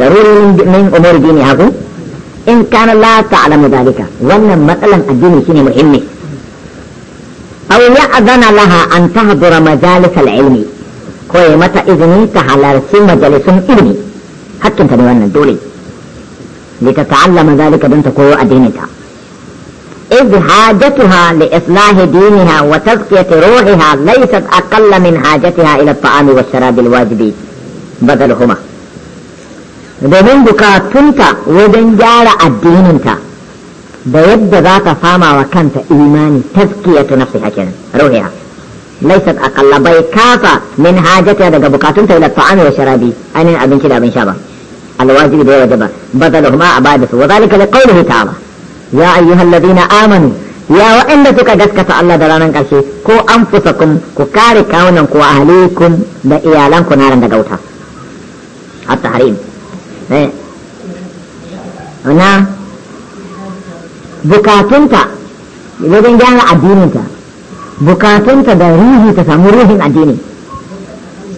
ضروري من أمور ديني هكو إن كان لا تعلم ذلك ولا مثلا الدين شيء مهم أو يأذن لها أن تحضر مجالس العلم كوي متى إذني تحلالسي مجالس العلم حتى انت نوانا دولي لتتعلم ذلك بنت كوي أدينتها إذ حاجتها لإصلاح دينها وتزكية روحها ليست أقل من حاجتها إلى الطعام والشراب الواجب بدلهما domin bukatunta wajen gyara addininta da yadda za ta fama wa kanta imani taskiya ta nafsi hakin ruhiya laysat aqalla bai kafa min hajata daga bukatunta ila ta'am wa sharabi anin abinci da abin sha ba alwajibi da wajaba badalahuma abadatu wa zalika liqawlihi ta'ala ya na amanu ya waɗanda suka gaskata Allah da ranar karshe ko an fusakun ku kare kawunan ku ahlikum da iyalanku na ran daga wuta at-tahrim eh ana bukatunta wajen gyara addininta bukatunta da ruhi ta samu ruhin addini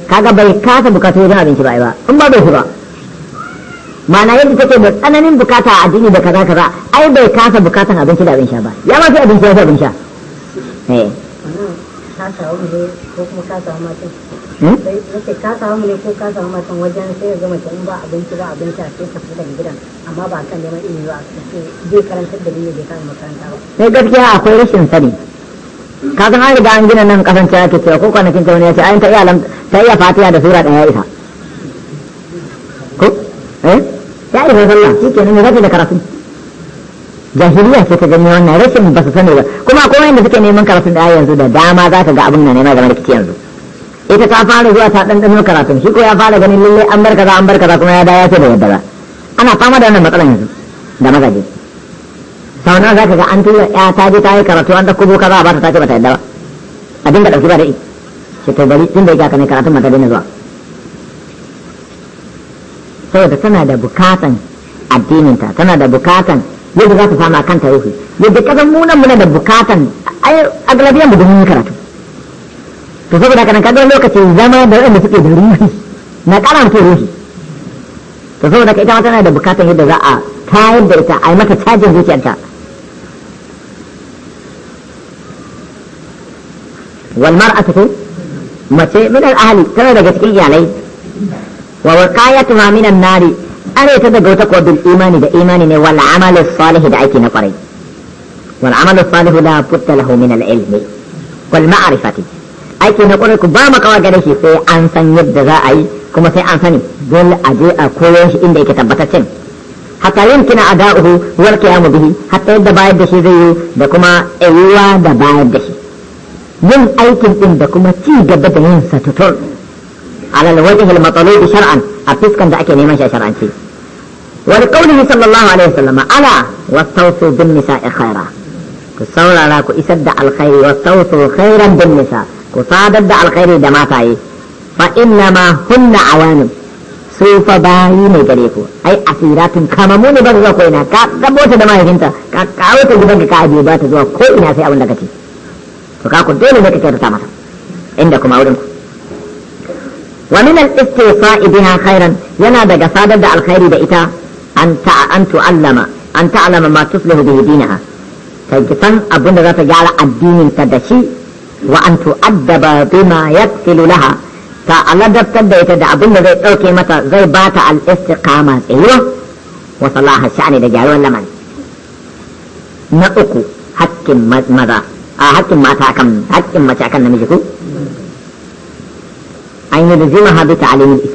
kaga bai kasa bukatu wajen abinci ba ba in ba bai shi ba ma'ana yadda take da tsananin bukata a addini da kaza kaza ai bai kasa bukatan abinci da abin sha ba ya ma sai abinci ya abin sha eh ka wuri ko kuma ka samu mutum Hmm? ka samu ne ko ka samu matan wajen sai ya zama in ba abinci ba abinci a sai ka fita daga gidan amma ba kan neman ilimi ba zai karantar da ni bai kama makaranta ba. sai gaskiya akwai rashin sani ka san an riga an gina nan kasan cewa ke cewa ko kwanakin ta wani ya an ta iya lam ta iya fatiha da sura ɗaya isa ko eh ya isa sallah shi ke nan ya zafi da karatu jahiliya ce ta gani wannan rashin ba su sani ba kuma akwai wanda suke neman karatun da yanzu da dama za ka ga abin na nema game da kike yanzu ita ta fara zuwa ta ɗanɗano karatun shi ko ya fara ganin lalle an bar kaza an bar kaza kuma ya da ya ce da yadda ba ana fama da wannan matsalan yanzu da magaji sau za zaka ga an tura ya ta je ta yi karatu an da kubo a ba ta ce ba ta yadda ba a dinga ɗauki ba da ita ce to bari tun da ya ka ne karatun mata daina zuwa saboda tana da bukatan addininta tana da bukatan yadda za ta samu a kanta ruhi yadda kasan munan muna da bukatan ai agalabiyan mu domin karatu to saboda kanan kaga lokacin zama da wanda suke da ruhi na kara mutum ruhi to saboda ka ita ma tana da bukatar yadda za a tayar da ita a yi mata cajin zuciyarta والمرأة mace min al'ahali tana daga cikin iyalai wa waqayatuha min an-nari are ta daga wata kodin imani da imani ne wal amalu salih da ake na kwarai wal amalu salih la putta lahu min al-ilmi wal ma'rifati aiki na kwarai ku ba mu gare shi sai an san yadda za a yi kuma sai an sani dole a je a koyo shi inda yake cin hatta a da'uhu wal kiyamu bihi hatta yadda bayar da shi zai yi da kuma ayyuwa da bayar da shi yin aikin din da kuma ci gaba da yin sa tutur alal wajhi al matalub shar'an a fiskan da ake neman shi shar'anci wa qawlihi sallallahu alaihi wasallam ala wastawsu bin nisa'i khaira ku saurara ku isar da alkhairi wastawsu khairan bin nisa' ku sadar da alkhairi da mataye fa inna ma hunna awanin su fa bayi mai gare ku ai asiratun kamamu ne ba zuwa ko ina ka gabo ta da mahaifinta ka kawo ta gidan ka ajiye ba ta zuwa ko ina sai abin da kace to ka ku dole ne ka kyautata mata inda kuma wurin ku wa min al biha khairan yana daga sadar da alkhairi da ita an ta an tu'allama an ta'lama ma tuslihu bihi dinaha ta san abin da za ta gyara addinin ta da shi وان تؤدب بما يدخل لها ت أ ل د ب ت د ي ت د ع ب ن زي اوكي متى زي بات ا ل ا س ت ق ا م ة ايوه وصلاها شعري لجاي ولا من نؤكو حكم ماذا حكم آه، ما تاكم حكم ما تاكم نمشيكو اين لزمها بتعليم ا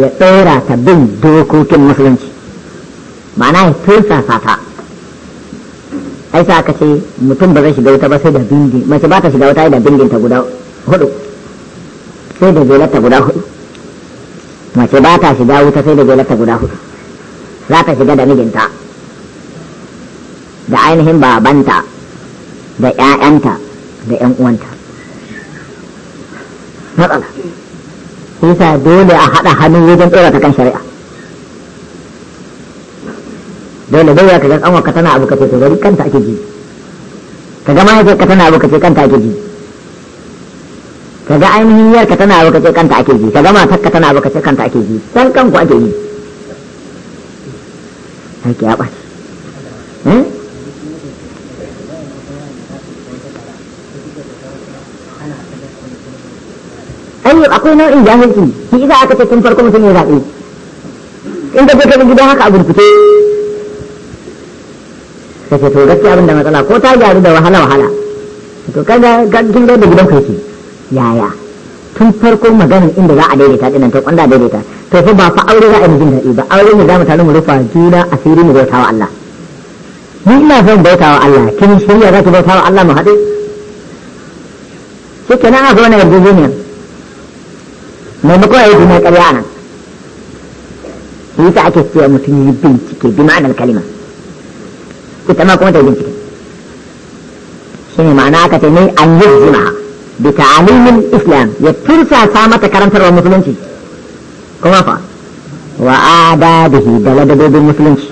يا ايرا تبن دوكو كم مسلمش معناه توسع ساتها ai sa aka ce mutum ba zai shiga wuta ba sai da bindi mace ba ta shiga wuta da bindin ta guda hudu sai da jelarta guda hudu mace ba ta shiga wuta sai da jelarta guda hudu za ta shiga da mijinta da ainihin babanta da ƴaƴanta da ƴan uwanta matsala sai dole a haɗa hannu wajen tsora ta kan shari'a dole dai ya kaga kanwa ka tana abu kace to bari kanta ake ji kaga mahaifiyar ka tana abu kace kanta ake ji kaga ainihin yar ka tana abu kace kanta ake ji kaga matar ka tana abu kace kanta ake ji kan kanku ake yi aiki ya bace eh akwai nau'in jahilci shi isa aka ce tun farko mutum ya zaɓe in ka je ka gidan haka a burkuce kace to gaskiya abin da matsala ko ta gyaru da wahala wahala to kaga kin da gidan ka yake yaya tun farko maganin inda za a daidaita dinan ta kwanda daidaita to fa ba fa aure za a yi jin ba aure ne za mu tare mu rufa juna asiri mu bautawa Allah ni ina son bautawa Allah kin shirya za ki bautawa Allah mu haɗu shi kenan aka wani yarjejeniya maimakon a yi juna ƙarya nan yi ta ake cewa mutum yi bincike bi ma'anar kalima ita ma kuma ta yi bincike shi ne ma'ana aka ce ne an yi zima da ta'alimin islam ya tursa sa mata karantarwa musulunci kuma fa wa adabihi da ladabobin musulunci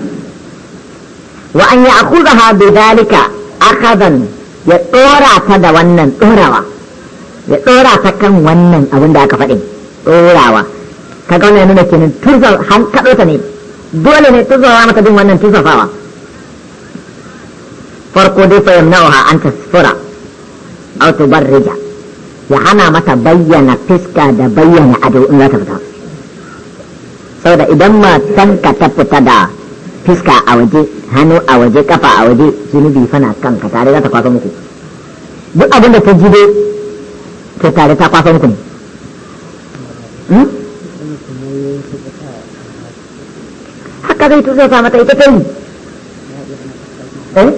wa an yi ya ha bi dhalika akhadan ya dora ta da wannan dorawa ya dora ta kan wannan abin da aka faɗi dorawa kaga wannan nuna kenan tursa han kaɗo ta ne dole ne tursawa mata bin wannan tursafawa farko dai fa yamna'uha an tasfura aw tubarrija ya hana mata bayyana fiska da bayyana ado in za ta fita saboda idan matanka ta fita da fiska a waje hannu a waje kafa a waje zunubi fana kanka tare za ta kwafa muku duk abinda ta ji dai to tare ta kwafa muku ne hmm? haka zai tuzo mata ita ta yi Eh?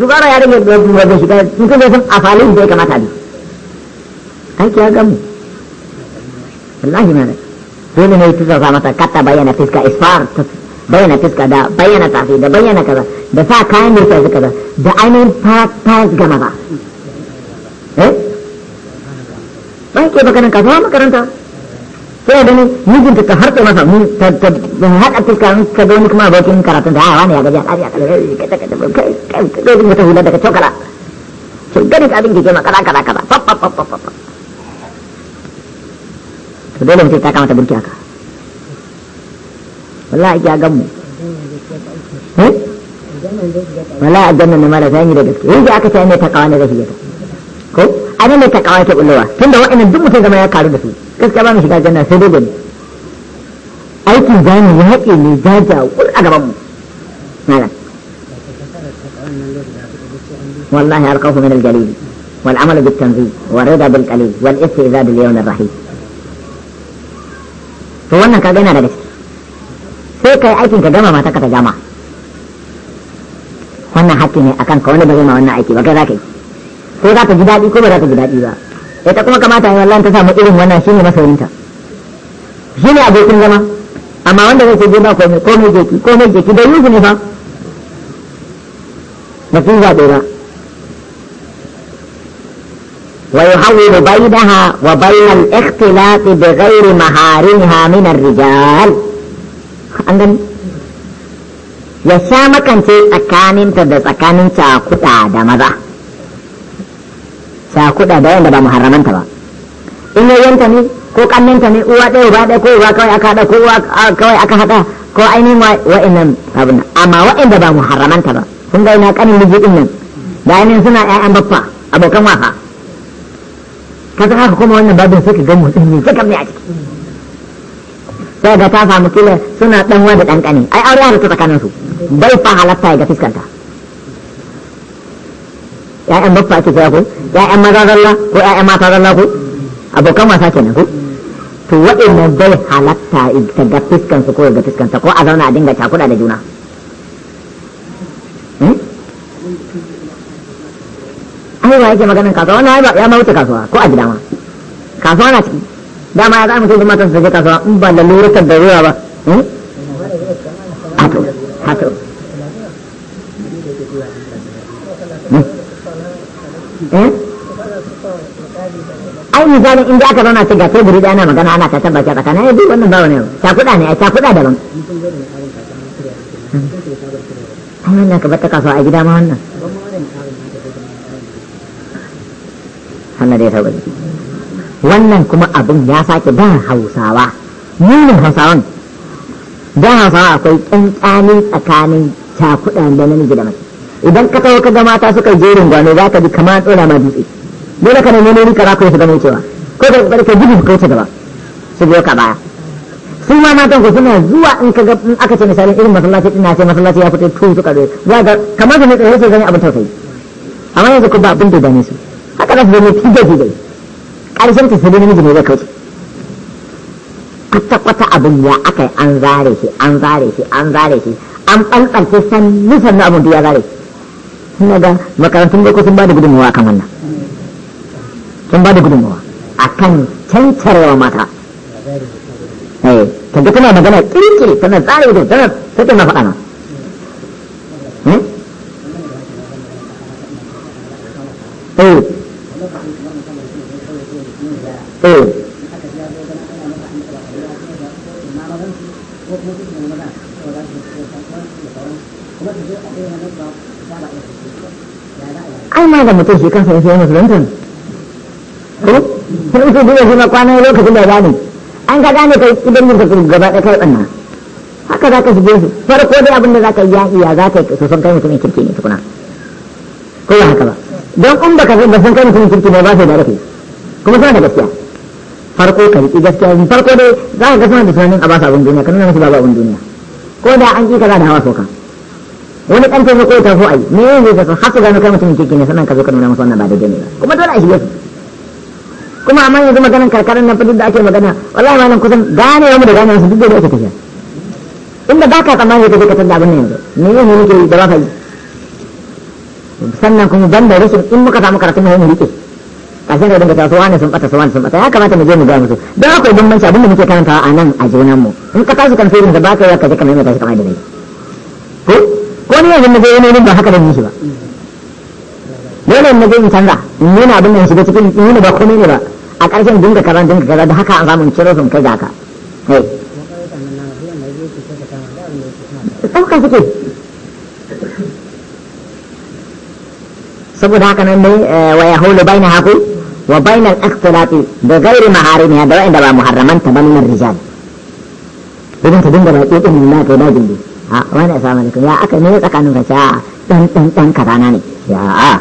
dubara ya rage da duba da shiga mutum bai san afalin da ya kamata ne aiki ya gamu wallahi ma ne dole ne tusa sa mata kata bayyana fiska isfar bayyana fiska da bayyana tafi da bayyana kaza da sa kayan da sai kaza da ainihin ta gama ba eh bai ke bakanan kasuwa makaranta sai da mijinta ta harka masa mu ta ta haɗa fuska ka ga wani kuma abokin karatun da hawa ne ya gaji al'ari a kalari kai kai kai kai ta hula daga cokala to ganin abin ke ma kaza kaza kaza pap pap pap pap to dole mutum ta kama ta burki haka wallahi ya gamu eh wallahi aljanna ne mara zani da gaske yanzu aka ce ne ta kawane da shi ko anan ne ta kawane ta bullowa tunda wa'annan duk mutum zama ya karu da su iska baanu shigaa jannaa sababan ay kii gaani yahay ini jaaja kul agabamu maala والله الخوف من الجليل والعمل بالتنفيذ والرضا بالقليل والاستئذاء باليوم الرحيم فوانا كاغينا رجس سيكا ايكين كجمع ما تكت جامع وانا حكيني اكان كون بغيما وانا ايكي وكذا كي سيكا تجداد ايكو برا تجداد ايكو ita kuma kamata in Allah ta samu irin wannan shine masoyinta shine abokin zama amma wanda zai ce je ba komai komai jeki komai jeki da yuzu ne fa ba sun zaɓe ba ويحول بينها وبين الاختلاط بغير مهارمها من الرجال عندنا ya sha makance tsakaninta da tsakanin cakuta da maza kuɗa da wanda ba muharramanta ba in yanta ne ko kannanta ne uwa ɗaya ba ɗaya ko uwa kawai aka haɗa ko uwa kawai aka haɗa ko ainihin wa'annan abin amma da ba muharramanta ba sun ga ina kanin miji ɗin nan da ainihin suna ƴaƴan baffa abokan wafa ka san haka kuma wannan babin suka ga mutum ne suka mai a ciki sai ga ta samu kila suna ɗanwa da ɗanƙani ai aure ya ta tsakaninsu bai fa halatta ya ga fuskanta ya'yan bakwa ake kira ko ya'yan maza zalla ko ya'yan mata zalla ko abokan wasa kenan ko to waɗannan bai halatta ta ga fiskan su ko ga fiskan ta ko a zauna a dinga cakuɗa da juna hmm? ai ba yake maganin kasuwa wannan ya mawuce kasuwa ko a gida ma kasuwa na ciki dama ya za mu sai matan su je kasuwa in ba lalurar da ruwa ba hmm? ai misali in da aka zauna ce ga teburi da ana magana ana ta tabbata, tsakanin ai duk wannan ba wani ta kuɗa ne ai ta kuɗa daban hmm. ai wannan ka bata kasuwa a gida ma wannan da ya taɓa wannan kuma abin ya sake da hausawa munin hausawan da hausawa akwai ƙanƙanin tsakanin cakuɗa da namiji da mace idan ka tawo ka ga mata suka jerin gwano za ka ji kamar tsora ma dutse dole ka nemi wuri kara ko shiga mai cewa ko ka kokari ka gudu kai wuce gaba su biyo ka baya su ma matan ku suna zuwa in ka ga in aka ce misalin irin masallaci ina ce masallaci ya fito tun suka zo ya ga kamar da ne tsaye ce gani abin tausayi amma yanzu ku ba abin da dame su haka za su zama tijai tijai karshen ta sai namiji ne zai kauce kwata-kwata abin ya aka an zare shi an zare shi an zare shi an san sannu sannu abin da ya zare shi suna ga makarantun da sun ba da gudunmawa kan wannan sun ba da gudunmawa a kan cancarwa mata kaga eh, tana magana kirkiri tana tsari da tana take na faɗa hmm? eh eh ai ma da mutum shi kansa ya fi musulunta wannan shine shi ma kwanan lokacin da ya gane an ka gane kai idan yin tafi gaba da kai ɓanna haka za ka shige su farko dai abin da za ka yi yaƙi ya za ka yi su kai mutumin kirki ne tukuna ko ya haka ba don in ka ba san kai mutumin kirki ne ba sai da rafi kuma suna da gaskiya farko ka riƙi gaskiya farko dai za ka ga suna da tunanin a ba su abin duniya ka nuna musu babu abin duniya ko da an ƙi ka za da hawa soka wani ɗan taimako ya tafi a yi me ne zai tafi haka gano kai mutumin kirki ne sannan ka zo ka nuna musu wannan ba da ne ba kuma dole a shige su kuma amma yanzu maganin karkarar nan duk da ake magana wallahi malam kusan gane mu da gane su duk da ake tafiya inda ba ka tsammani ka je ka tada abin yanzu me ne ne ke da ba ka yi sannan kuma ban da rashin in muka samu karatu mu mu rike kashin da ta tasowa ne sun bata su wani sun bata ya kamata mu je mu ga musu don akwai bambanci abinda muke karantawa a nan a jinan mu in ka tashi kan sai da ba ka yi ka je ka maimaita shi kamar da nake ko ko ni yanzu mu je ne ba haka da ni shi ba dole na je mu canza in nuna abin da shiga cikin nuna ba komai ne ba a ƙarshen dinga kaza dinga kaza da haka an samu ciro sun kai ga ka suke saboda haka nan ne eh, wa ya hulu bai na haku wa bai na ɗaktulafi da gairi maharimiya da wa'inda ba muharramanta ba minar rijal idan ta dinga baƙi ɗin nuna kai dajin bi a wani da kuma ya aka ne tsakanin ka sha ɗan ɗan ɗan kaza na ne ya a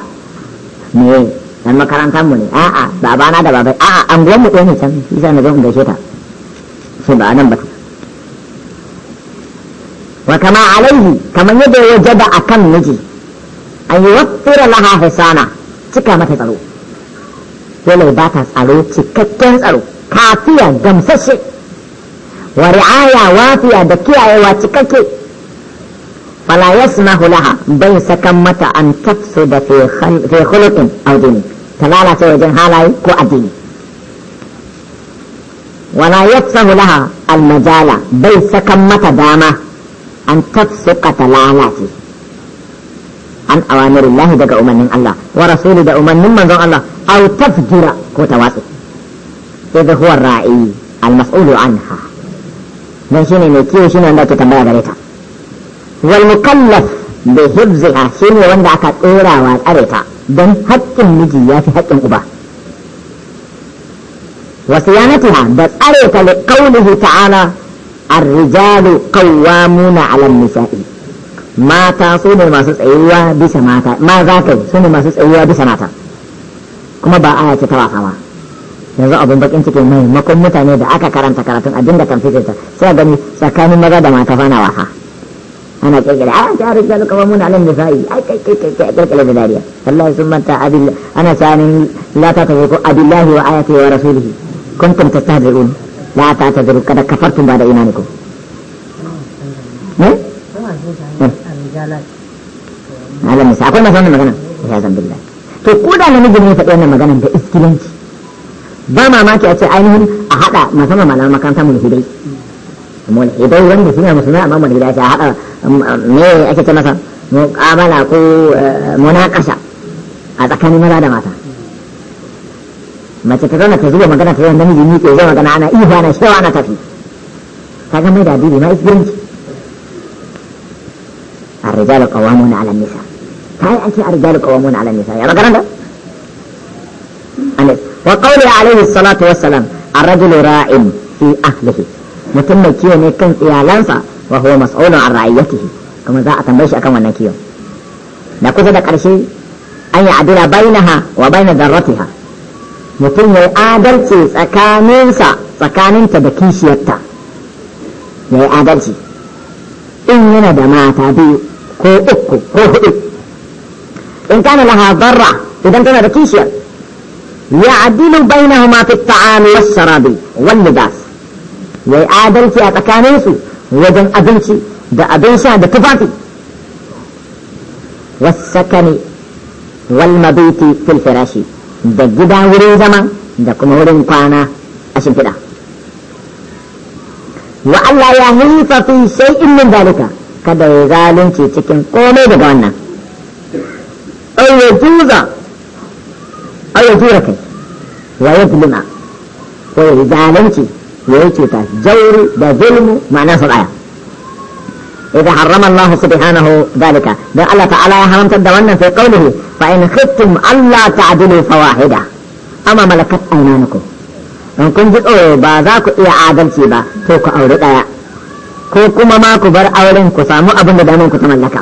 ne yan makarantar mu ne a'a babana da babai a'a an guwan mu ne can isa na zan gaishe ta sai ba nan ba ta wa kama alaihi kamar yadda ya jaba akan miji an yi wattira laha hisana cika mata tsaro dole ba ta tsaro cikakken tsaro kafiya gamsashe wa ri'aya wafiya da kiyayewa cikakke fala yasmahu laha bai sakan mata an tafsuda fi khuluqin aw dini ta lalace wajen halaye ko addini wala yafsahu laha almajala bai sakan mata dama an tafsuka ta lalace an awamirin daga umarnin Allah wa rasuli da umarnin manzon Allah aw tafjira ko tawatsu idh huwa ra'i al-mas'ulu anha dan shine mai kiyo shine wanda ake tambaya gare ta wal mukallaf da hibziha shine wanda aka tsora wa tsareta don haƙƙin miji ya fi haƙƙin uba وصيانتها بطريقة لقوله تعالى الرجال قوامون على النساء ما تصون ما سسعيوا بسماتا ما ذاك سون ما سسعيوا بسماتا kuma ba aya ta wasa ba yanzu abin bakin cikin mai makon mutane da aka karanta karatun abin da kan fice ta sai gani tsakanin maza da mata fana wasa ana kirkira a ta rijal kawai muna nan da sa'i ai kai kai kai kai kirkira da dariya wallahi sun manta abil ana sanin la ta tafi ko abillahi wa ayati wa rasulihi kuntum tattahdirun la ta tadru kada kafartum ba da imanikum ne malam musa akwai masu wannan magana ya zan billah to ko da namiji ne faɗi wannan maganan da iskilanci ba mamaki a ce ainihin a haɗa musamman malaman makaranta mulhidai idan wanda suna musulmi amma wanda gida ya haɗa me ake ce masa muƙabala ko munakasha a tsakanin maza da mata mace ta zauna ta zuwa magana ta yawan namiji ni ke zai magana ana ihu ana shewa ana tafi ta ga mai da bibi ma isbiyanci الرجال قوامون على النساء هاي أنت الرجال قوامون على النساء يا بقرنا وقوله عليه الصلاة والسلام الرجل راع في أهله mutum mai kiwo ne kan iyalansa wa huwa mas'ulun an ra'iyatihi kuma za a tambaye shi akan wannan kiwo. da kusa da karshe an yi adila bainaha wa baina darratiha mutum ya yi adalci tsakaninsa tsakaninta da kishiyarta ya yi adalci in yana da mata biyu ko uku ko hudu in kana laha barra idan tana da kishiyar ya adilu bainahuma fi ta'ami was sharabi wal libas ya yi adalci a tsakaninsu wajen abinci da abin sha da tufafi wasakani wal mabiti fil firashi da gida wurin zama da kuma wurin kwana a shimfiɗa wa Allah ya hifa fi in min zalika kada ya zalunci cikin komai daga wannan aw ya tuza aw kai wa ya zulma ko ya zalunci ya cuta jauri da zulmu ma'ana su daya إذا حرم الله سبحانه ذلك ده الله تعالى حرم تدونا في قوله فإن خفتم ألا تعدلوا فواحدة أما ملكت أيمانكم in kun ji ba za ku iya adalci ba to ku auri ɗaya ko kuma ma ku bar auren ku samu abin ku ta mallaka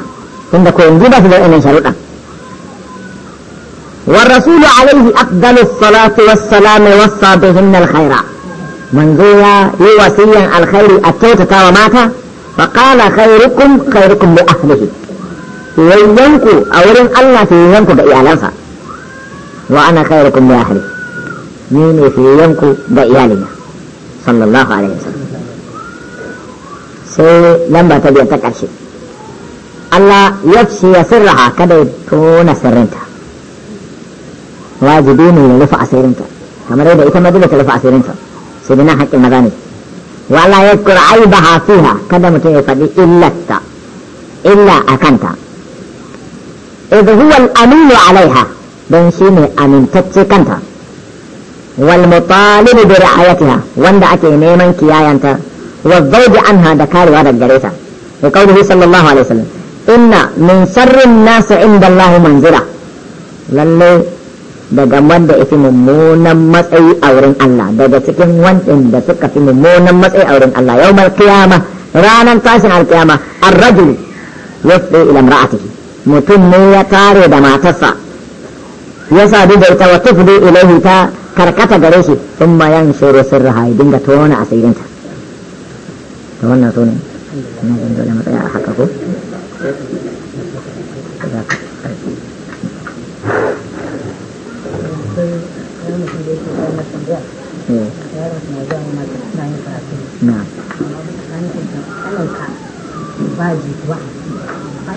tunda ku yanzu ba su da wannan sharuɗa wa rasulu alaihi afdalus salatu was salam was manzo ya yi wasiyan alkhairi a kyautata wa mata fa qala khairukum khairukum li ahlihi yayyanku a wurin Allah sai yayyanku ga iyalansa wa ana khairukum li ahli ni ne sai yayyanku ga iyalina sallallahu alaihi wasallam sai lamba ta biyar ta karshe Allah ya ce ya sirraha kada ya tona sirrinta wajibi ne ya rufe asirinta kamar yadda ita ma dole ta rufe asirinta sai dai maza ne wala ya kura ai ba hafiha kada mutum ya faɗi illarta illa a kanta huwa aminu alaiha don shi ne amintacce kanta wal mutalibu bi ra'ayatiha wanda ake neman kiyayanta wa zawji anha da karewa daga gare ta wa qawluhu sallallahu alaihi wasallam inna min sarrin nas inda Allah manzila lalle daga wanda ya fi mummunan matsayi a wurin Allah daga cikin wancan da suka fi mummunan matsayi a wurin Allah yau kiyama ranar tashin alkiyama arrajul yasbi ila imra'atihi mutum ne ya tare da matarsa ya sadu da ita wa tufdi ilaihi ta karkata gare shi sun ma yan shuru sirraha dinga tona asirinta wannan sunan a haka ko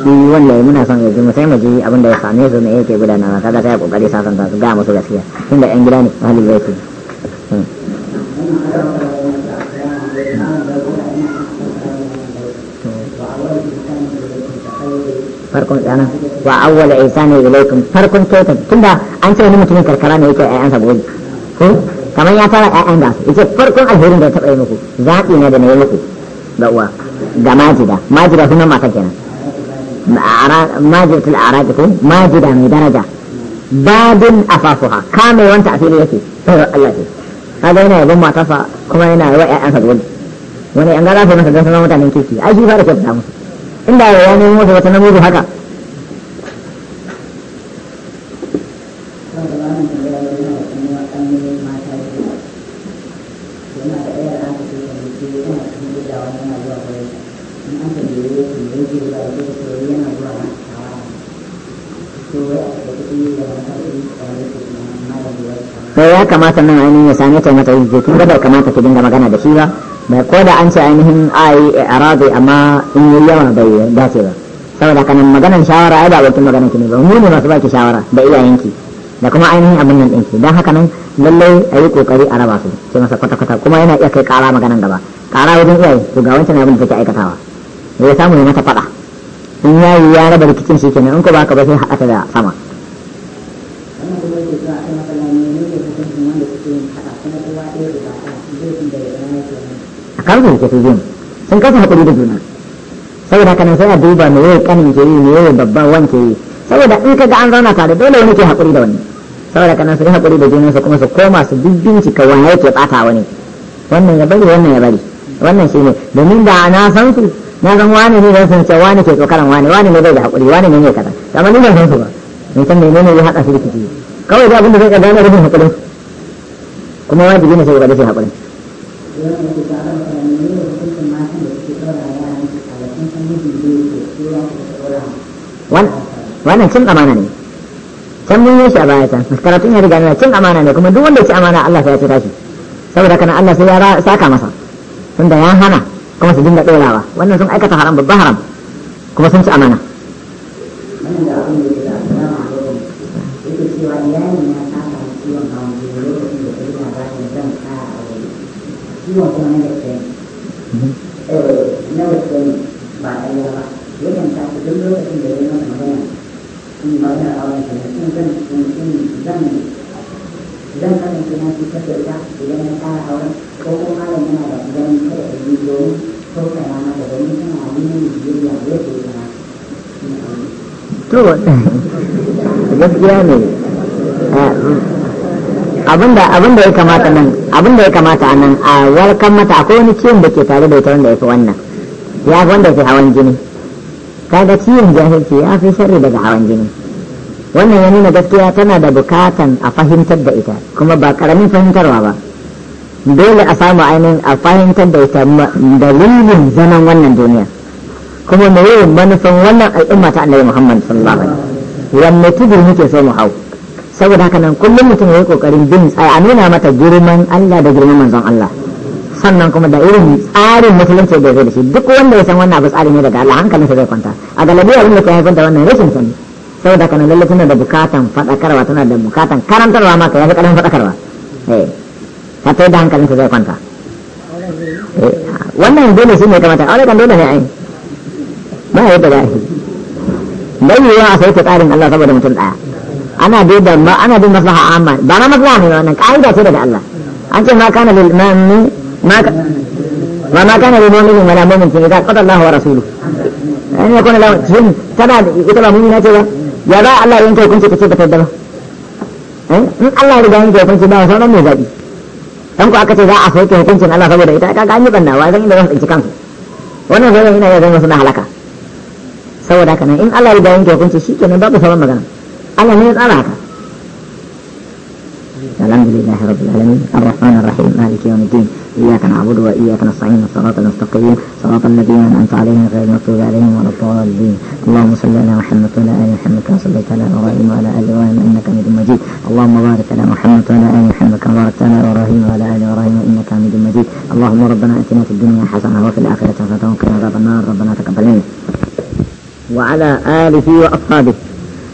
shi wanda ya muna son yanzu mu sai mu ji abin da ya same su ne yake gudanarwa kaga sai kokari sasanta su ga musu gaskiya tunda yan gida ne zai ce. Hmm. farkon tsana wa awwala ihsani ilaykum farkon kyautar tunda an ce wani mutumin karkara ne yake ayyansa gobe ko kamar ya tara ayyan da yace farkon alherin da ya taba yi muku zaɓi ne da na yi muku ga uwa ga majida majida sunan mata kenan majid al'araj ko majida mai daraja babin afafuha kame wanta a fili yake sai Allah ce kaga yana yabon matarsa kuma yana yawa sa zuwa wani an ga za su masa don sanar mutanen kirki ai shi fara kyauta musu inda ya nemo musu na namuru haka kamata nan ainihin ya same ta mata yake kun ga kamata ki dinga magana da shi ba bai ko da an ce ainihin ai arabi amma in yi yawa bai ce ba saboda kanan maganan shawara ai ba batun maganan ki ne ba mu ne masu baki shawara da iyayenki da kuma ainihin abin nan ki don haka nan lallai a yi kokari a raba su ce masa kwata-kwata kuma yana iya kai kara maganan gaba kara wajen iyaye to ga wancan abin da take aikatawa ya samu ya mata faɗa in yayi ya raba rikicin shi kenan in ko ba ka ba sai haɗa ta da sama a kalmar ke su sun kasa haƙuri da juna saboda haka sai a duba me yayi kanin ke yi me yayi babban wanke yi saboda in ka ga an zauna tare dole wani ke haƙuri da wani saboda haka nan su haƙuri da juna su kuma su koma su bincika wani yake bata wani wannan ya bari wannan ya bari wannan shine domin da na san su na zan wani ne zan san cewa wani ke tsokaran wani wani ne bai da haƙuri wani ne ne kaza amma ni ban san su ba in san menene ya haɗa su rikici kawai da abin da zai ka gane rubin haƙurin kuma wajibi ne sai ka ga shi haƙurin wannan cin amana ne can mun yi a baya can karatun ya riga nuna cin amana ne kuma duk wanda ya ci amana Allah sai ya cika shi saboda kana Allah sai ya saka masa da ya hana kuma su dinga ɗorawa wannan sun aikata haram babban haram kuma sun ci amana. Wannan da abin da nuôi cho năng lực tiền ừ năng lực tiền và tại vì là lúc mình sao thì đứng nước ở trên địa nó thành công này nhưng mà là ở đây thì nhân dân dân dân các em kia thì các tự giác thì dân ta ở đây cố gắng hai lần này là dân có thể đi xuống không phải là nó phải đến như thế nào nhưng mình đi làm biết thì là Good. Just journey. Uh, abinda abinda ya kamata nan abinda ya kamata a nan a warkar mata akwai wani ciwon da ke tare da ita wanda ya fi wannan ya fi wanda ke hawan jini kaga ciwon jahilci ya fi sharri daga hawan jini wannan ya nuna gaskiya tana da bukatan a fahimtar da ita kuma ba karamin fahimtarwa ba dole a samu ainihin a fahimtar da ita dalilin zaman wannan duniya kuma yi manufan wannan al'umma ta annabi muhammad sallallahu alaihi wasallam wanne tudu muke so mu hau saboda haka nan kullum mutum ya yi kokarin bin a nuna mata girman Allah da girman manzon Allah sannan kuma da irin tsarin musulunci da zai da shi duk wanda ya san wannan abu tsarin ne daga Allah hankalinsa zai kwanta a galabi abin da ke haifar da wannan rashin sani saboda haka nan lalle tana da bukatan fadakarwa tana da bukatan karantarwa ma ya fi karan fadakarwa eh ka da da hankalinsa zai kwanta eh, wannan dole shi ne kamata aure kan dole ne ai ba yadda da shi bai yiwuwa a sauke tsarin Allah saboda mutum daya ana duba ba ana dai maslaha amma ba na maslaha ne wannan ka'ida ce daga Allah an ce ma kana lil mu'min ma wa ma kana lil mu'min wala mu'min ga qada Allah wa rasuluhu an eh, yakuna la jin tana ita ba na ce ba ya ba Allah yin kai kunce kace ba tadda eh, ba in Allah ya riga yin kai kunce ba sauran mai zabi dan ko aka ce za a sauke hukuncin Allah saboda ita ga an yi wa zan yi da su tsinci kan, wannan zai yana ya zama suna halaka saboda kana in Allah ya riga yin kai kunce shikenan babu sauran magana الله من الأضعف الحمد لله رب العالمين الرحمن الرحيم مالك يوم الدين إياك نعبد وإياك نستعين الصراط المستقيم صراط الذين أنعمت عليهم غير المغضوب عليهم ولا الضالين اللهم صل على محمد وعلى آل محمد كما صليت على إبراهيم وعلى آل إبراهيم إنك حميد مجيد اللهم بارك على محمد وعلى آل محمد كما باركت على إبراهيم وعلى آل إبراهيم إنك حميد مجيد اللهم ربنا آتنا في الدنيا حسنة وفي الآخرة حسنة وقنا عذاب النار ربنا تقبل منا وعلى آله وأصحابه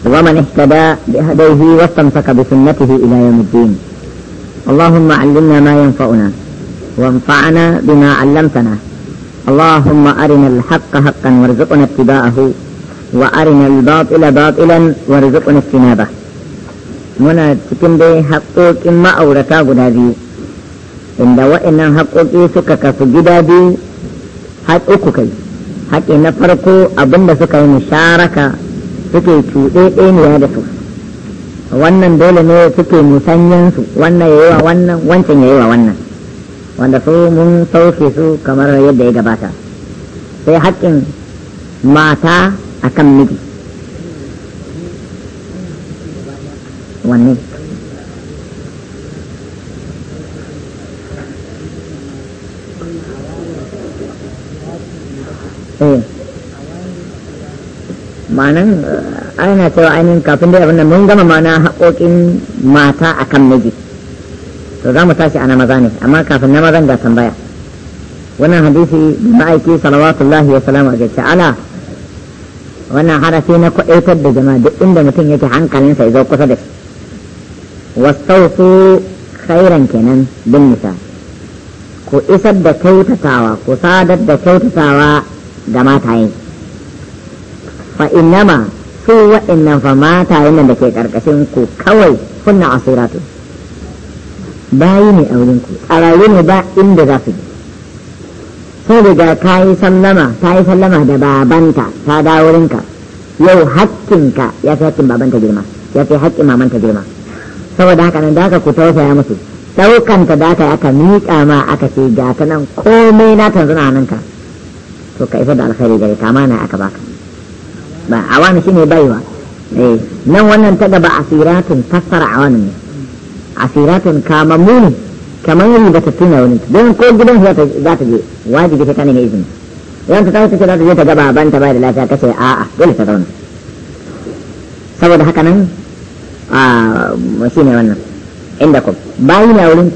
ومن اهتدى بهديه واستمسك بسنته إلى يوم الدين اللهم علمنا ما ينفعنا وانفعنا بما علمتنا اللهم أرنا الحق حقا وارزقنا اتباعه وأرنا الباطل باطلا وارزقنا اجتنابه muna cikin dai haƙoƙin ma'aurata guda biyu inda wa'annan haƙoƙi suka kasu gida biyu har uku kai haƙi na farko abinda suka yi musharaka suke cuɗeɗeniya da su wannan dole ne suke su wannan ya yi wa wannan wancan ya yi wa wannan wanda su mun sauke su kamar yadda ya gabata sai haƙƙin mata a kan miji wanne ma'anan eh, ana cewa ainihin kafin da abin mun gama mana haƙoƙin mata a kan miji to za mu tashi ana maza ne amma kafin na mazan ga tambaya wannan hadisi ma'aiki salawatullahi wa salamu a gaske ala wannan harafi na kwaɗaitar da jama'a duk inda mutum yake hankalinsa ya zo kusa da shi wastausu khairan kenan bin nisa ku isar da kyautatawa ku sadar da kyautatawa ga mataye fa innama su wa'annan fa mata yana da ke karkashin ku kawai kunna asiratu bayi ne a wurin ku tsararru ne ba inda za su je sai ka yi sallama ta yi sallama da babanta ta dawo wurinka yau hakkinka ya fi hakkin babanta girma ya fi hakkin mamanta girma saboda haka nan da aka ku tausaya musu ɗaukanta da aka aka miƙa ma aka ce ga ta nan komai na tanzuna nan ka to ka isa da alkhairi gare ka mana aka baka ba awani shine baiwa eh nan wannan ta gaba asiratun fassara awani ne asiratun kamammu ne kamar yin ba ta tuna wani don ko gidan za ta je wajibi ta kane izini yan ta tafi ta za ta je ta gaba ban ta ba da lafiya kace a'a dole ta zauna saboda haka nan a shine wannan inda ku bayi ne wurin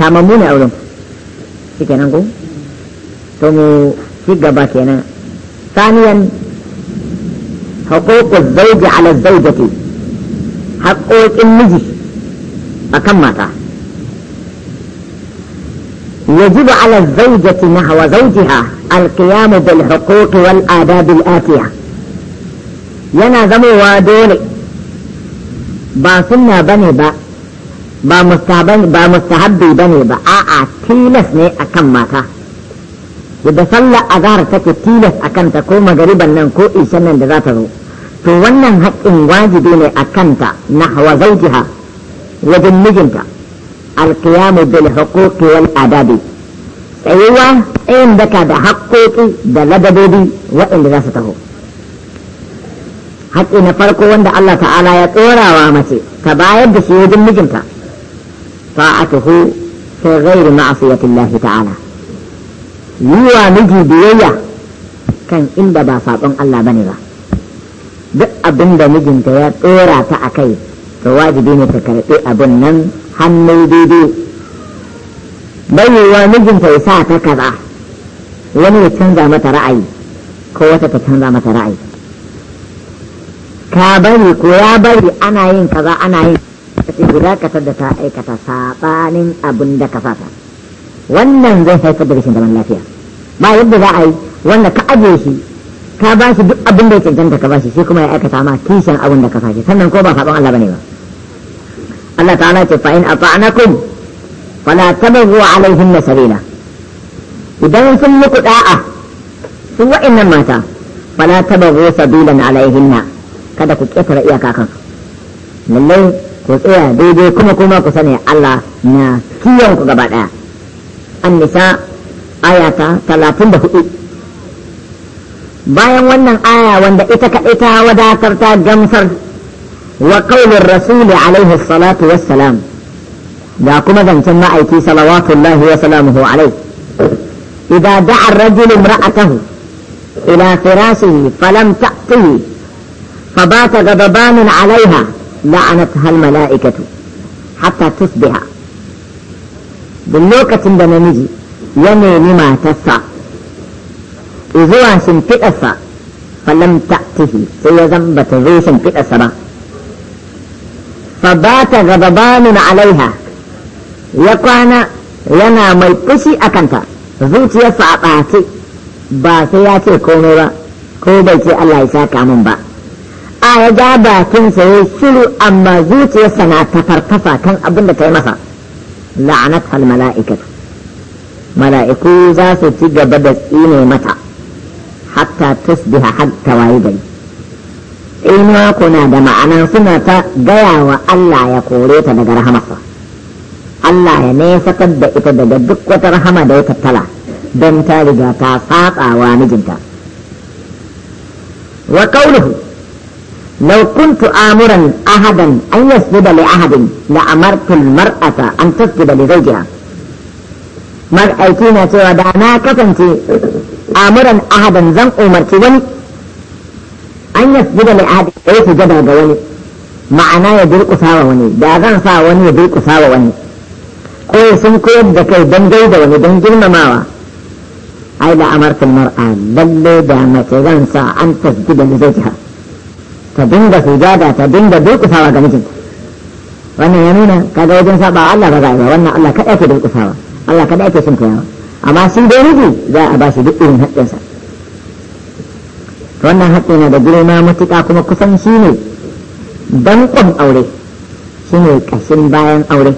kamammu ne wurin kenan ko to mu ci gaba kenan ثانيا حقوق الزوج على الزوجة حقوق المجي أكم متى يجب على الزوجة نحو زوجها القيام بالحقوق والآداب الآتية yana zamowa dole ba sunna bane ba mustahabbi bane ba a'a tilas ne akan mata yadda sallar azhar take tilas akan ta ko magariban nan ko ishan nan da zata zo to wannan haƙƙin wajibi ne a kanta na hawa zaujiha wajen mijinta alkiyamu bil haƙoƙi wal adabi tsayuwa tsayin daka da haƙoƙi da ladabobi waɗanda za su taho haƙƙi na farko wanda Allah ta'ala ya tsorawa mace ta bayar da shi wajen mijinta a fa'atuhu fi ghairi Lahi ta'ala yi wa miji biyayya kan inda ba saƙon Allah bane ba duk abin da mijinta ya tsora ta a kai to wajibi ne ta karɓi abin nan hannu daidai bayewa mijinta ya sa ta kaza wani ya canza mata ra'ayi ko wata ta canza mata ra'ayi ka bari ko ya bari ana yin kaza ana yin kace guda ka da ta aikata sabanin abin da ka fata wannan zai haifar da rashin zaman lafiya ba yadda za a yi wanda ka ajiye shi ka ba shi duk abin da ya cancanta ka ba shi sai kuma ya aikata ma kishin abin da ka sashi sannan ko ba saɓon Allah bane ba Allah ta'ala ce fa in ata'nakum fala tabghu alaihim sabila idan sun muku da'a su wa'annan mata fala tabghu sabilan alaihinna kada ku ketara iyaka kan lallai ku tsaya daidai kuma kuma ku sani Allah na kiyon ku gaba daya an nisa ayata 34 bayan wannan aya wanda ita kaɗai ta wadatar ta gamsar wa qaulur rasuli alaihi salatu wassalam da kuma zancen ma'aiki salawatullahi wa salamuhu alaihi idan da'a ar-rajulu imra'atahu ila firashihi falam ta'tihi la'anat hal mala'ikatu hatta tusbiha حتى lokacin da namiji ya nemi matarsa zuwa shimfiɗarsa falam ta'tihi sai ya zamba ta zo shimfiɗarsa ba fa ba ta gababanin alaiha ya kwana yana mai fushi a kanta zuciyarsa a ɓace ba sai ya ce komai ba ko bai ce Allah ya saka min ba a ya bakin bakinsa ya shiru amma zuciyarsa na tafarfasa kan abin da ta yi masa la'anat al mala'ikatu mala'iku za su ci gaba da tsine mata tasbiha har ta wayi gari ina na da ma'ana suna ta gaya wa Allah ya kore ta daga rahamarsa Allah ya nefatar da ita daga duk wata rahama da ya tattala don ta riga ta saba wa mijinta wa qawluhu law amuran ahadan an yasjuda ahadin la amartu al mar'ata an tasjuda li zawjiha mar aiki na cewa da na kasance amuran ahadan zan umarci wani an yasjuda mai ahadi ya yi sujada ga wani ma'ana ya durƙusa wa wani da zan sa wani ya durƙusa wa wani ko sun koyar da kai don gaida wani don girmamawa ai da amartin mar'a lalle da mace zan sa an tasgida da zai ta dinga sujada ta dinga durƙusawa ga mijinta wannan ya nuna kaga wajen saba Allah ba za a yi wannan Allah kaɗai ke durƙusawa Allah kaɗai ke shinkayawa amma sun dai miji za a ba su duk irin haƙƙinsa wannan haƙƙi na da girma matuƙa kuma kusan shi ne danƙon aure shi ne ƙashin bayan aure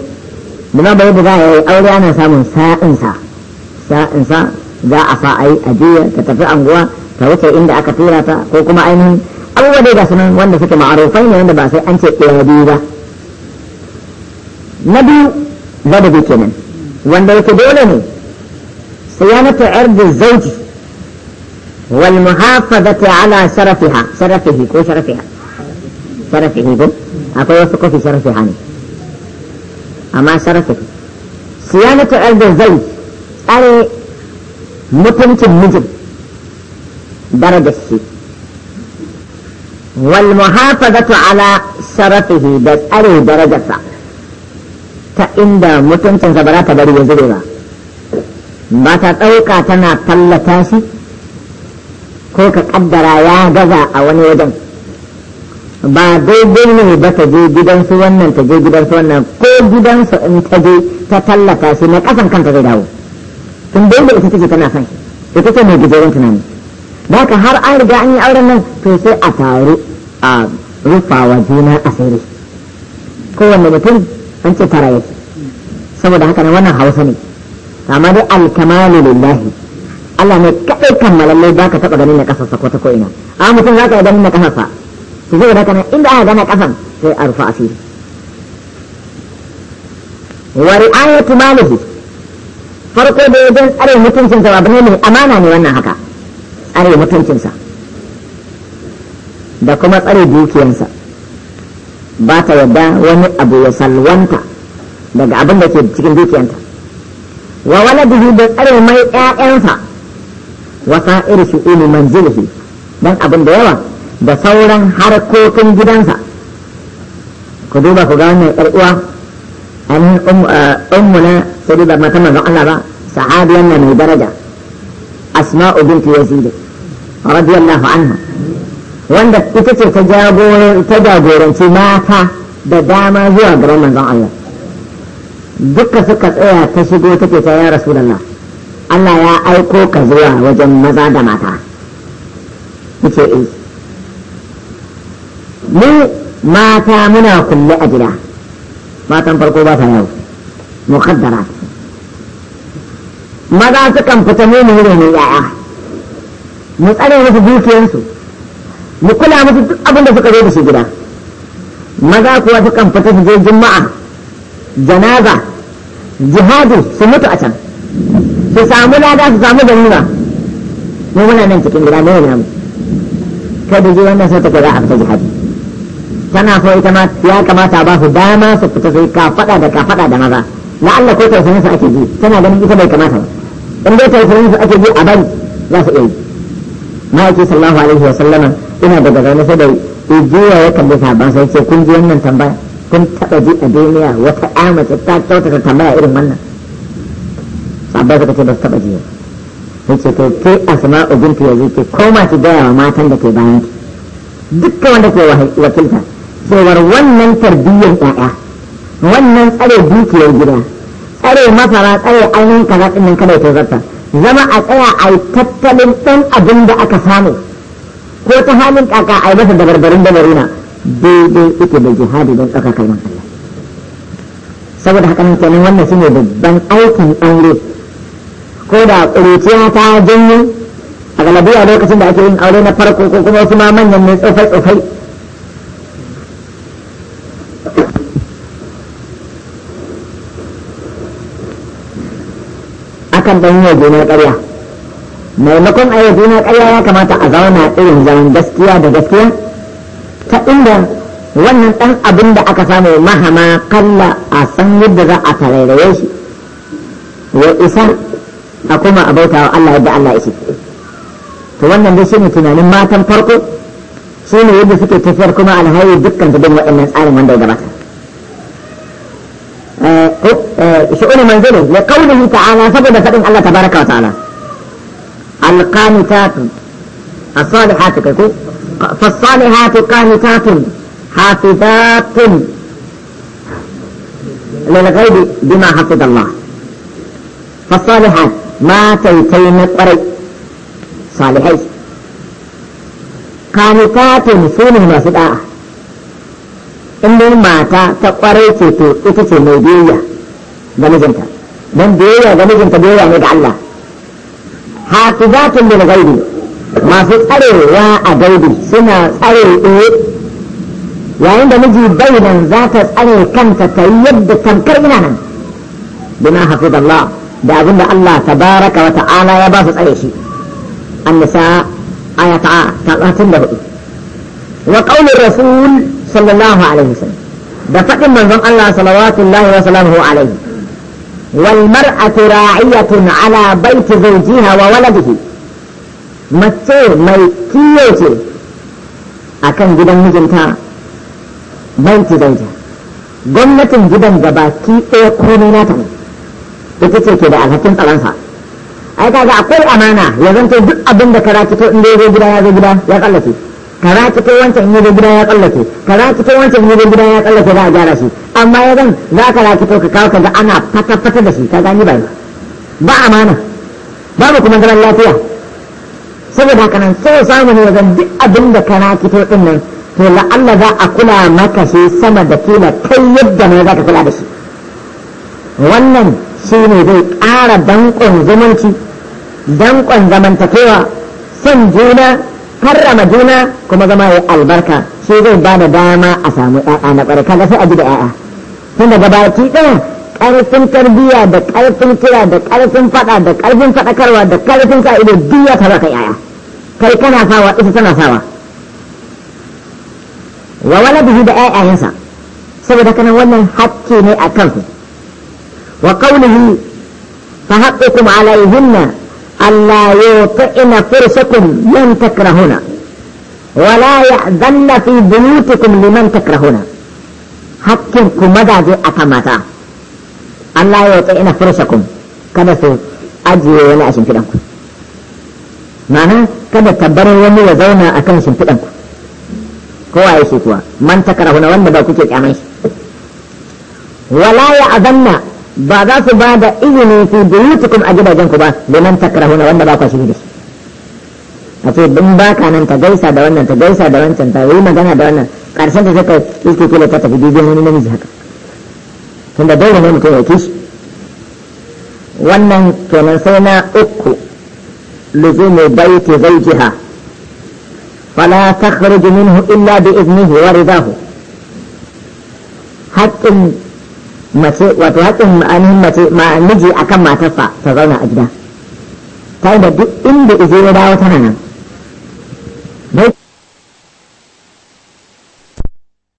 bima bai da za a yi aure ana samun sa'insa sa'insa za a sa a yi ajiya ta tafi anguwa ta wuce inda aka tura ta ko kuma ainihin abubuwa dai ga nan wanda suke ma'arufai ne wanda ba sai an ce ɗaya biyu ba na biyu zadabi kenan wanda yake dole ne صيانة عرض الزوج والمحافظة على شرفها شرفه كو شرفها شرفه كو أكو يوثق في شرفها أما شرفه صيانة عرض الزوج أري متنك النجم درجة الشيء والمحافظة على شرفه بس أري درجة فعلا. ta inda mutuncin sa ba za ba ta ɗauka tana tallata shi ko ka ƙaddara ya gaza a wani wajen ba dogon ne ba ta je gidansu wannan ta je gidansu wannan ko gidansu in ta je ta tallata shi na ƙasan kanta zai dawo tun dole ita take tana son shi ita ce mai gajeren tunani da ka har an riga an yi auren nan to sai a taru a rufawa juna asiri kowanne mutum an ce tara yake saboda haka nan wannan hausa ne amma dai alkamalu lillahi Allah ne kadai kammalalle ba ka taɓa ganin na ƙasarsa ko ta ko ina a mutum za ka yi ganin na ƙasarsa to zai da kana inda aka gana ƙasan sai a rufa asiri wari ri'ayatu malihi farko da yajen tsare mutuncinsa ba bane ne amana ne wannan haka tsare mutuncinsa da kuma tsare dukiyansa ba ta yadda wani abu ya salwanta daga abin da ke cikin dukiyanta wa waladihi da tsare mai ƴaƴansa wa sa'ir shu'uli manzilihi dan abin da yawa da sauran harkokin gidansa ku duba ku ga wannan ƴar uwa an eh, ummu na sai da mata manzon Allah ba sahabiyan na mai daraja asma'u binti yazid radiyallahu anha wanda ita ce ta jagoranci mata da dama zuwa garin manzon Allah duka suka tsaya ta shigo take ta ya rasulullah Allah ya aiko ka zuwa wajen maza da mata yace eh mu mata muna kulle a gida matan farko ba ta yau muqaddara maza sukan fita mu mu ne yaya mu tsare musu dukiyansu mu kula musu duk abin da suka zo da shi gida maza kuwa sukan fita su je juma'a janaza jihadu su mutu a can su samu lada su samu ganima mu muna nan cikin gida ne namu kada ji wannan sai take za a fita jihadi tana so ita ma ya kamata ba su dama su fita sai ka fada da ka fada da maza na Allah ko tausayin su ake ji tana ganin ita bai kamata ba in dai tausayin su ake ji a bari za su iya yi ma'aiki sallallahu alaihi wa sallama ina daga gane sai da ijiya ya kalli sahabban sai ce kun ji wannan tambaya kun taɓa ji a duniya wata ƴa mace ta kyautata tambaya irin wannan sabbai suka ce ba su taɓa ji ba ce to ke asma'u bintu yanzu ke koma ki gaya wa matan da ke bayan ki dukkan wanda ke wakilta cewar wannan tarbiyyar ƴaƴa wannan tsare dukiyar gida tsare masara tsare ainihin kaza ɗin nan kada ya tozarta zama a tsaya a yi tattalin ɗan abin da aka samu ko ta halin kaka a yi masa dabarbarin dabarina daidai ita da jihadi don tsaka kalmar Allah saboda haka nan kenan wannan shine babban aikin aure ko da ta janyo a galabiya lokacin da ake yin aure na farko ko kuma wasu ma manyan ne tsofai tsofai akan dan yi juna karya maimakon a yi juna karya ya kamata a zauna irin zaman gaskiya da gaskiya ta inda wannan ɗan abin da aka samu mahama kalla a san yadda za a tarairaye shi ya isa a kuma a bauta bautawa Allah yadda Allah ya to wannan dai shine tunanin matan farko shine yadda suke tafiyar kuma alhayi dukkan bin waɗannan tsarin wanda ya gabata eh, eh, shi'un manzilin ya kaulihi ta'ala saboda faɗin Allah tabaraka wa ta'ala alqanitatu as-salihatu kai ko فالصالحات قانتات حافظات للغيب بما حفظ الله فالصالحات ما تيتين قري صالحات قانتات سون ما سدعة إنه ما تا تقري تيتو إتسي ميدية بنجنتا من ديوية بنجنتا ديوية حافظات للغيب masu tsarewa a gaibi suna tsare ɗaya yayin da miji bai nan za ta tsare kanta ta yi yadda tamkar ina nan bima hafiz Allah da abin da Allah tabaraka wa ta'ala ya ba su tsare shi annisa aya ta da 34 wa qaulur rasul sallallahu alaihi wasallam da fadin manzon Allah salawatullahi wa salamuhu alaihi wal mar'atu ra'iyatun ala baiti zawjiha wa waladihi mace mai kiyo ce a kan gidan mijinta bai ci gwamnatin gidan da ki ɗaya komai nata ne ita ce ke da alhakin tsaronsa ai kaga akwai amana ya zanto duk abin da kara kito inda zo gida ya zo gida ya kallace kara kito wancan inda zo gida ya kallace kara kito wancan inda zo gida ya kallace za a gyara shi amma ya zan za ka ra kito ka kawo ka ga ana fata fata da shi ka gani ba ba amana babu kuma zaman lafiya saboda haka nan sai samu ne wajen duk abin da kana fito din nan to la'alla za a kula maka shi sama da kila kai yadda ne za ka kula da shi wannan shi ne zai ƙara danƙon zumunci danƙon zamantakewa son juna karrama juna kuma zama ya albarka shi zai ba da dama a samu ɗa'a na ƙwarai kaga sai a ji da ɗa'a tun daga baki ɗaya قلبهم تربية دك قلبهم كلا دك قلبهم فتا دك قلبهم فتا كروا دك قلبهم كائد الدية تبقى يا كان أفاوى إذا سنة أفاوى وولده دعاء أهنسا سبدا كان ولا حكي ني أكمه وقوله فحقكم عليهن ألا يوطئن فرسكم من تكرهون ولا يأذن في بيوتكم لمن تكرهون حقكم مدى دي أتمتاه Allah ya wata ina kun kada su ajiye wani a shimfiɗanku ma'ana kada tabbar wani ya zauna a kan shimfiɗanku kowa ya shi kuwa man ta karahuna wanda ba kuke kyaman shi wala ya azanna ba za su ba da izini fi buyutukum a gidajenku ba man ta karahuna wanda ba kwa shi da shi a ce in ba ka nan ta gaisa da wannan ta gaisa da wancan ta yi magana da wannan ƙarshen ta sai ka iske kila ta tafi bibiyar wani namiji haka tunda dole ne mutum ya ci shi wannan kenan sai na uku luzumu baiti zawjiha fala takhruju minhu illa bi iznihi wa ridahu haƙƙin mace wato haƙƙin ma'anin mace ma'aniji akan matarsa ta zauna a gida ta da duk inda ije dawo tana nan